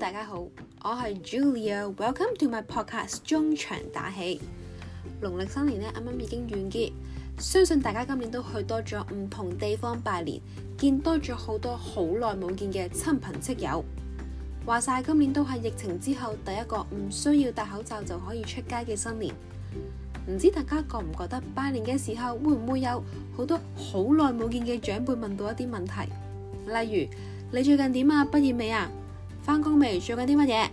大家好，我係 Julia，Welcome to my podcast 中場打氣。農曆新年咧，啱啱已經完結，相信大家今年都去多咗唔同地方拜年，見多咗好多好耐冇見嘅親朋戚友。話晒今年都係疫情之後第一個唔需要戴口罩就可以出街嘅新年，唔知大家覺唔覺得拜年嘅時候會唔會有好多好耐冇見嘅長輩問到一啲問題，例如你最近點啊，畢業未啊？翻工未？做緊啲乜嘢？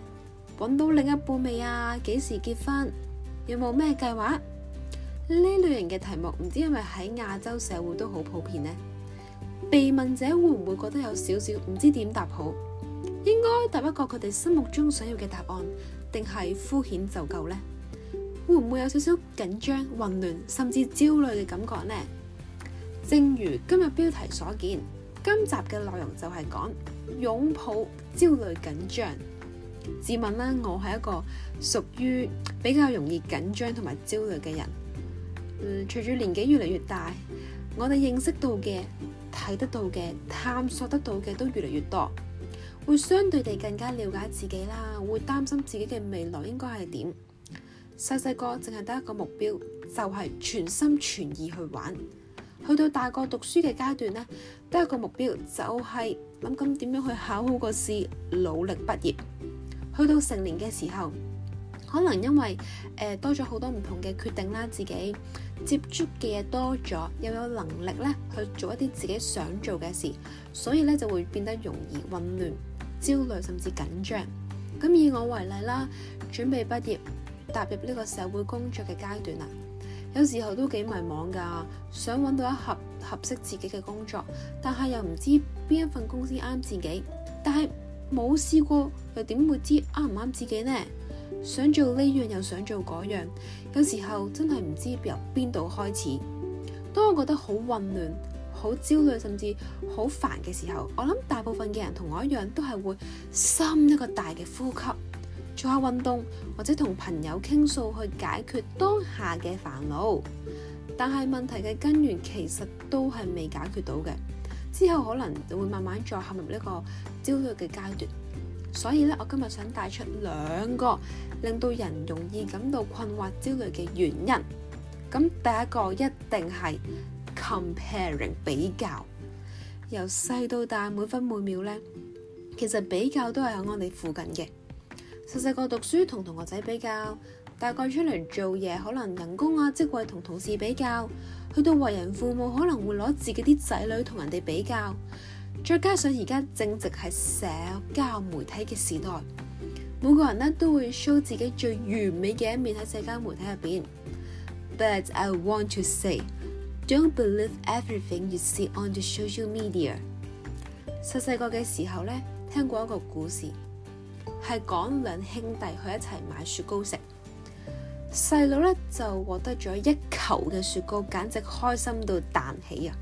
揾到另一半未啊？幾時結婚？有冇咩計劃？呢類型嘅題目唔知係咪喺亞洲社會都好普遍呢？被問者會唔會覺得有少少唔知點答好？應該答一個佢哋心目中想要嘅答案，定係敷衍就夠呢？會唔會有少少緊張、混亂甚至焦慮嘅感覺呢？正如今日標題所見，今集嘅內容就係講。擁抱焦慮緊張，自問啦，我係一個屬於比較容易緊張同埋焦慮嘅人。嗯，隨住年紀越嚟越大，我哋認識到嘅、睇得到嘅、探索得到嘅都越嚟越多，會相對地更加了解自己啦。會擔心自己嘅未來應該係點？細細個淨係得一個目標，就係、是、全心全意去玩。去到大個讀書嘅階段呢，得一個目標就係、是。諗咁點樣去考好個試，努力畢業。去到成年嘅時候，可能因為誒、呃、多咗好多唔同嘅決定啦，自己接觸嘅嘢多咗，又有能力咧去做一啲自己想做嘅事，所以咧就會變得容易混亂、焦慮甚至緊張。咁以我為例啦，準備畢業，踏入呢個社會工作嘅階段啦，有時候都幾迷茫噶，想揾到一盒合適自己嘅工作，但係又唔知邊一份工先啱自己，但係冇試過，又點會知啱唔啱自己呢？想做呢樣又想做嗰樣，有時候真係唔知由邊度開始。當我覺得好混亂、好焦慮，甚至好煩嘅時候，我諗大部分嘅人同我一樣，都係會深一個大嘅呼吸，做下運動，或者同朋友傾訴，去解決當下嘅煩惱。但係問題嘅根源其實都係未解決到嘅，之後可能會慢慢再陷入呢個焦慮嘅階段。所以咧，我今日想帶出兩個令到人容易感到困惑、焦慮嘅原因。咁第一個一定係 comparing 比較，由細到大，每分每秒咧，其實比較都係喺我哋附近嘅。細細個讀書同同學仔比較，大個出嚟做嘢可能人工啊、職位同同事比較，去到為人父母可能會攞自己啲仔女同人哋比較，再加上而家正值係社交媒體嘅時代，每個人呢都會 show 自己最完美嘅一面喺社交媒體入邊。But I want to say，don't believe everything you see on the social media。細細個嘅時候呢，聽過一個故事。係講兩兄弟去一齊買雪糕食，細佬咧就獲得咗一球嘅雪糕，簡直開心到彈起啊！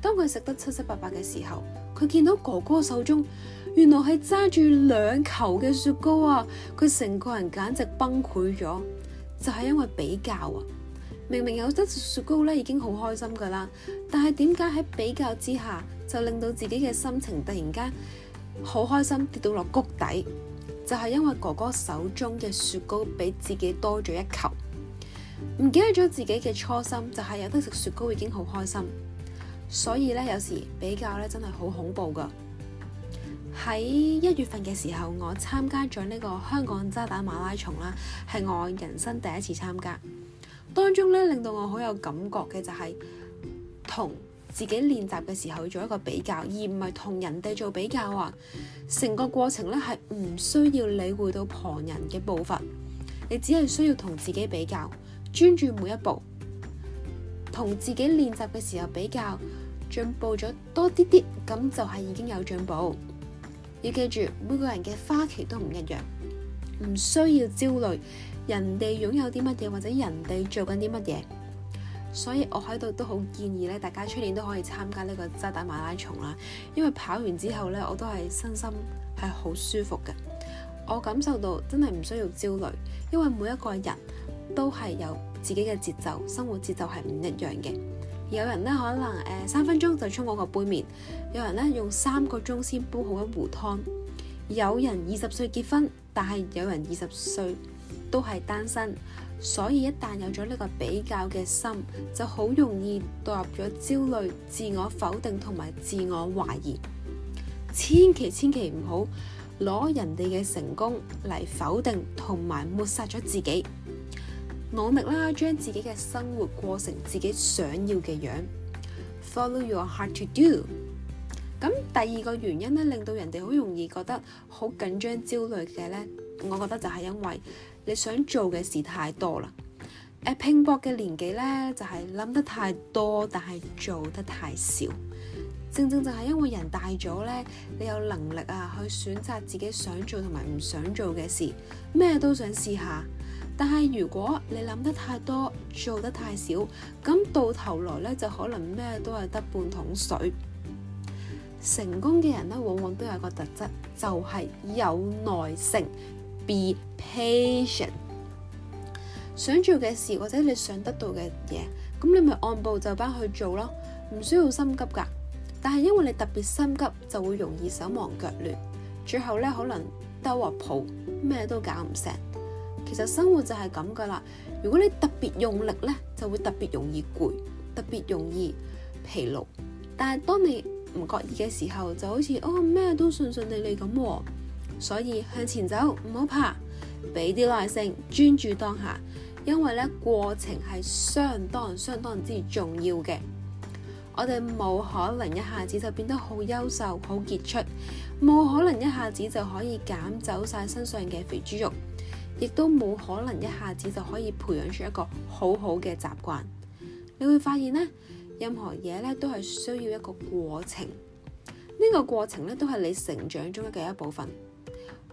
當佢食得七七八八嘅時候，佢見到哥哥手中原來係揸住兩球嘅雪糕啊！佢成個人簡直崩潰咗，就係因為比較啊！明明有得雪糕咧已經好開心噶啦，但係點解喺比較之下就令到自己嘅心情突然間好開心跌到落谷底？就係因為哥哥手中嘅雪糕比自己多咗一球，唔記得咗自己嘅初心，就係、是、有得食雪糕已經好開心。所以咧，有時比較咧真係好恐怖噶。喺一月份嘅時候，我參加咗呢個香港渣打馬拉松啦，係我人生第一次參加。當中咧令到我好有感覺嘅就係、是、同。自己練習嘅時候做一個比較，而唔係同人哋做比較啊！成個過程咧係唔需要理會到旁人嘅步伐，你只係需要同自己比較，專注每一步，同自己練習嘅時候比較，進步咗多啲啲，咁就係已經有進步。要記住，每個人嘅花期都唔一樣，唔需要焦慮人哋擁有啲乜嘢或者人哋做緊啲乜嘢。所以我喺度都好建議咧，大家出年都可以參加呢個渣打馬拉松啦，因為跑完之後咧，我都係身心係好舒服嘅。我感受到真係唔需要焦慮，因為每一個人都係有自己嘅節奏，生活節奏係唔一樣嘅。有人咧可能誒、呃、三分鐘就沖過個杯麵，有人咧用三個鐘先煲好一壺湯，有人二十歲結婚，但係有人二十歲都係單身。所以一旦有咗呢個比較嘅心，就好容易墮入咗焦慮、自我否定同埋自我懷疑。千祈千祈唔好攞人哋嘅成功嚟否定同埋抹殺咗自己。努力啦，將自己嘅生活過成自己想要嘅樣。Follow your heart to do。咁第二個原因咧，令到人哋好容易覺得好緊張、焦慮嘅呢，我覺得就係因為。你想做嘅事太多啦，拼搏嘅年紀呢，就係諗得太多，但係做得太少。正正就係因為人大咗呢，你有能力啊去選擇自己想做同埋唔想做嘅事，咩都想試下。但係如果你諗得太多，做得太少，咁到頭來呢，就可能咩都係得半桶水。成功嘅人呢，往往都有個特質，就係有耐性。Be patient。想做嘅事或者你想得到嘅嘢，咁你咪按部就班去做咯，唔需要心急噶。但係因為你特別心急，就會容易手忙腳亂，最後咧可能兜鑊泡，咩都搞唔成。其實生活就係咁噶啦。如果你特別用力咧，就會特別容易攰，特別容易疲勞。但係當你唔覺意嘅時候，就好似哦咩都順順利利咁。所以向前走，唔好怕，俾啲耐性，專注當下，因為咧過程係相當相當之重要嘅。我哋冇可能一下子就變得好優秀、好傑出，冇可能一下子就可以減走晒身上嘅肥豬肉，亦都冇可能一下子就可以培養出一個好好嘅習慣。你會發現咧，任何嘢咧都係需要一個過程，呢個過程咧都係你成長中嘅一部分。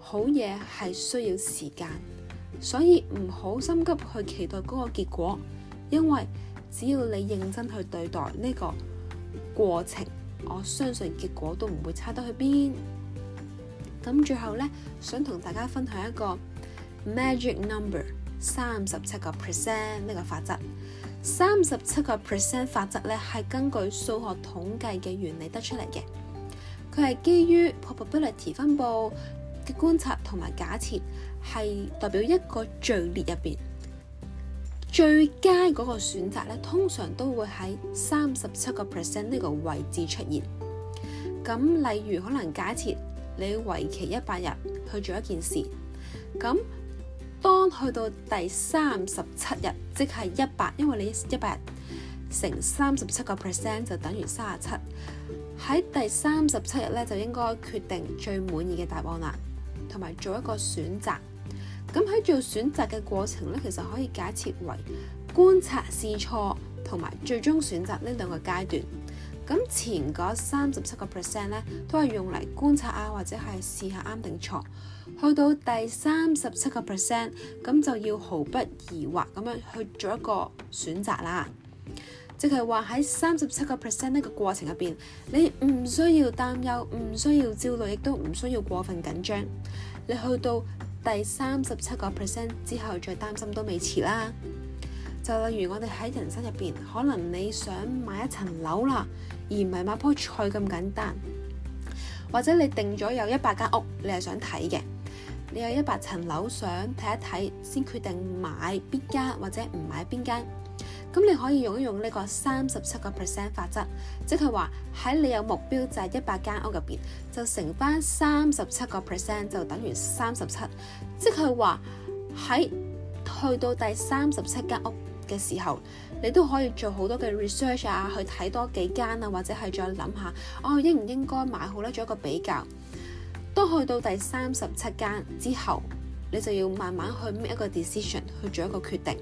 好嘢係需要時間，所以唔好心急去期待嗰個結果。因為只要你認真去對待呢個過程，我相信結果都唔會差得去邊。咁最後呢，想同大家分享一個 magic number 三十七個 percent 呢個法則。三十七個 percent 法則呢係根據數學統計嘅原理得出嚟嘅，佢係基於 probability 分佈。嘅觀察同埋假設係代表一個序列入邊最佳嗰個選擇咧，通常都會喺三十七個 percent 呢個位置出現。咁例如可能假設你為期一百日去做一件事，咁當去到第三十七日，即係一百，因為你一百日乘三十七個 percent 就等於三十七，喺第三十七日咧，就應該決定最滿意嘅答案啦。同埋做一個選擇，咁喺做選擇嘅過程咧，其實可以假設為觀察試錯同埋最終選擇呢兩個階段。咁前嗰三十七個 percent 咧，都係用嚟觀察啊，或者係試下啱定錯。去到第三十七個 percent，咁就要毫不疑惑咁樣去做一個選擇啦。即係話喺三十七個 percent 呢個過程入邊，你唔需要擔憂，唔需要焦慮，亦都唔需要過分緊張。你去到第三十七個 percent 之後再擔心都未遲啦。就例如我哋喺人生入邊，可能你想買一層樓啦，而唔係買棵菜咁簡單。或者你定咗有一百間屋你係想睇嘅，你有一百層樓想睇一睇先決定買邊間或者唔買邊間。咁你可以用一用呢個三十七個 percent 法則，即係話喺你有目標就係一百間屋入邊，就乘翻三十七個 percent 就等於三十七，即係話喺去到第三十七間屋嘅時候，你都可以做好多嘅 research 啊，去睇多幾間啊，或者係再諗下我、哦、應唔應該買好呢，做一個比較。當去到第三十七間之後，你就要慢慢去 make 一個 decision 去做一個決定。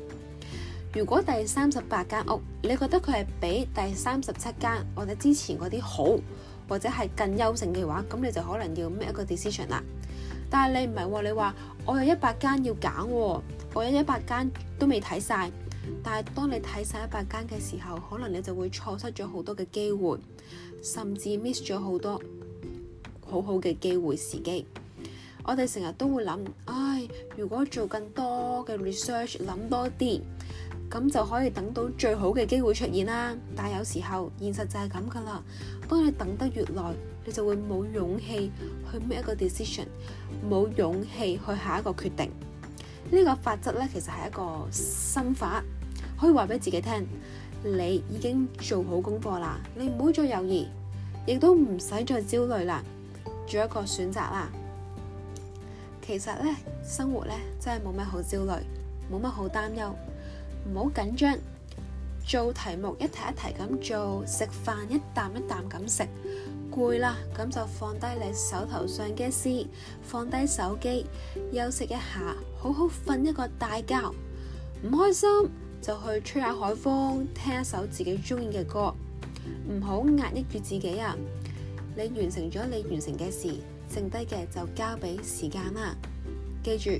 如果第三十八間屋，你覺得佢係比第三十七間或者之前嗰啲好，或者係更優勝嘅話，咁你就可能要 make 一個 decision 啦。但係你唔係喎，你話我有一百間要揀，我有一百間都未睇晒。但係當你睇晒一百間嘅時候，可能你就會錯失咗好多嘅機會，甚至 miss 咗好多好好嘅機會時機。我哋成日都會諗，唉，如果做更多嘅 research，諗多啲。咁就可以等到最好嘅機會出現啦。但係有時候現實就係咁噶啦。當你等得越耐，你就會冇勇氣去 make 一個 decision，冇勇氣去下一個決定。呢個法則咧，其實係一個心法，可以話俾自己聽：你已經做好功課啦，你唔好再猶豫，亦都唔使再焦慮啦，做一個選擇啦。其實咧，生活咧真係冇乜好焦慮，冇乜好擔憂。唔好緊張，做題目一題一題咁做，食飯一啖一啖咁食。攰啦，咁就放低你手頭上嘅事，放低手機，休息一下，好好瞓一個大覺。唔開心就去吹下海風，聽一首自己中意嘅歌。唔好壓抑住自己啊！你完成咗你完成嘅事，剩低嘅就交俾時間啦。記住。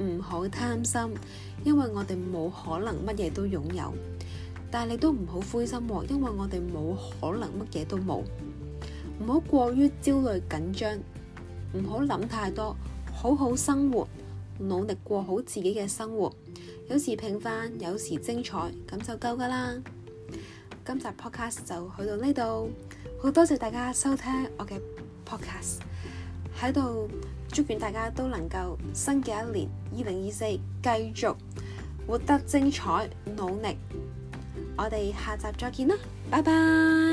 唔好貪心，因為我哋冇可能乜嘢都擁有。但係你都唔好灰心，因為我哋冇可能乜嘢都冇。唔好過於焦慮緊張，唔好諗太多，好好生活，努力過好自己嘅生活。有時平凡，有時精彩，咁就夠噶啦。今集 podcast 就去到呢度，好多謝大家收聽我嘅 podcast 喺度。祝願大家都能夠新嘅一年二零二四繼續活得精彩，努力。我哋下集再見啦，拜拜。